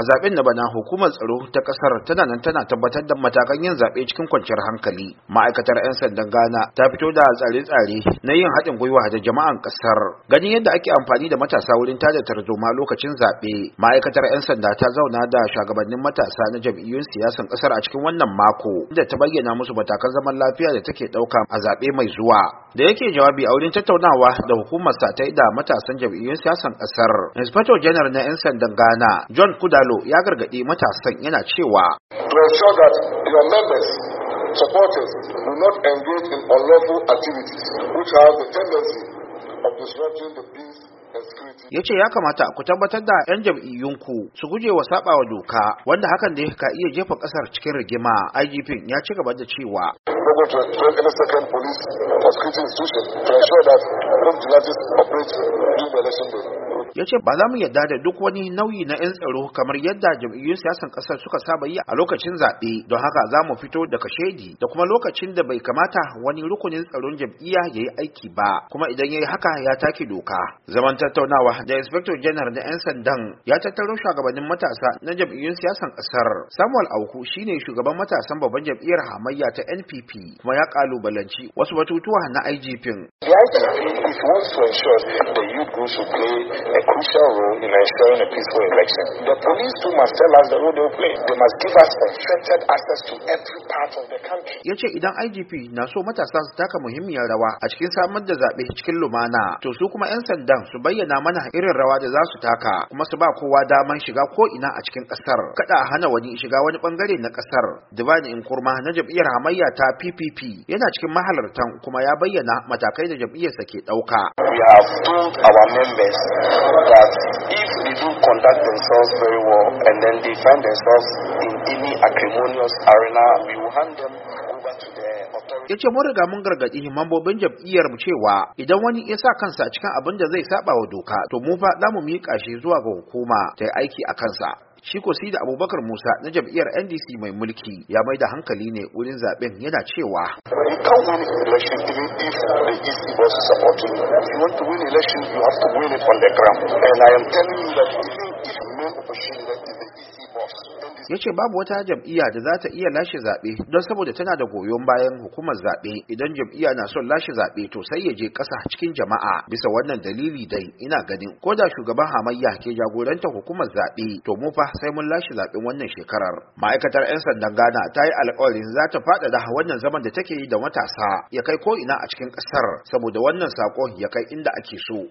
a zaben na bana hukumar tsaro ta kasar tana nan tana tabbatar da matakan yin zaɓe cikin kwanciyar hankali ma'aikatar 'yan sandan ghana ta fito da tsare-tsare na yin haɗin gwiwa da jama'an kasar ganin yadda ake amfani da matasa wurin tada tarzoma lokacin zaɓe ma'aikatar 'yan sanda ta zauna da shugabannin matasa na jam'iyyun siyasan kasar a cikin wannan mako da ta bayyana musu matakan zaman lafiya da take ɗauka a zaɓe mai zuwa da yake jawabi a wurin tattaunawa da hukumar sa ta da matasan jam'iyyun siyasan kasar inspector general na 'yan sandan ghana john kuda Jalo ya gargaɗi matasan yana cewa to ensure that your members supporters do not engage in unlawful activities which have the tendency of disrupting the peace ya ce ya kamata ku tabbatar da 'yan jam'iyyunku su guje wa saba wa doka wanda hakan da ka iya jefa kasar cikin rigima igp ya ci gaba da cewa police prosecuting institution to ensure that vigilantes operate ya ce ba za mu yarda da duk wani nauyi na 'yan tsaro kamar yadda jam'iyyun siyasan ƙasar suka saba yi a lokacin zaɓe don haka za mu fito da kashedi da kuma lokacin da bai kamata wani rukunin tsaron jam'iyya ya yi aiki ba kuma idan ya yi haka ya take doka zaman tattaunawa da inspector general na 'yan sandan ya tattaro shugabannin matasa na jam'iyyun siyasan ƙasar samuel auku shine shugaban matasan babban jam'iyyar hamayya ta npp kuma ya kalubalanci wasu batutuwa na igp The IGP wants to ensure that the youth groups will play a a crucial role in ensuring a peaceful election. The police too must tell us the role they will play. They must give us unfettered access to every part of the country. Ya ce idan IGP na so matasa su taka muhimmiyar rawa a cikin samar da zaɓe cikin lumana, to su kuma 'yan sandan su bayyana mana irin rawa da za su taka kuma su ba kowa daman shiga ko ina a cikin ƙasar. Kada a hana wani shiga wani bangare na ƙasar. Divine Nkurma na jam'iyyar hamayya ta PPP yana cikin mahalartan kuma ya bayyana matakai da jam'iyyarsa ke ɗauka. We have told our members that if they do conduct themselves very well and then mu cewa idan wani ya sa kansa cikin abin zai saba doka to mu fa za shi zuwa ga hukuma ta aiki a kansa shi ko da abubakar musa na jam'iyyar ndc mai mulki ya mai da hankali ne wurin zaben yana cewa If you want to win election, you have to win it on the ground. And I am telling you that if ya ce babu wata jam'iya da za ta iya lashe zaɓe don saboda tana da goyon bayan hukumar zaɓe idan jam'iyya na son lashe zaɓe to sai ya je ƙasa cikin jama'a bisa wannan dalili dai ina ganin ko da shugaban hamayya ke jagoranta hukumar zaɓe to mu fa sai mun lashe zaɓen wannan shekarar ma'aikatar 'yan sandan ghana ta yi alƙawarin za ta faɗaɗa wannan zaman da take yi da matasa ya kai ko ina a cikin ƙasar saboda wannan saƙon ya kai inda ake so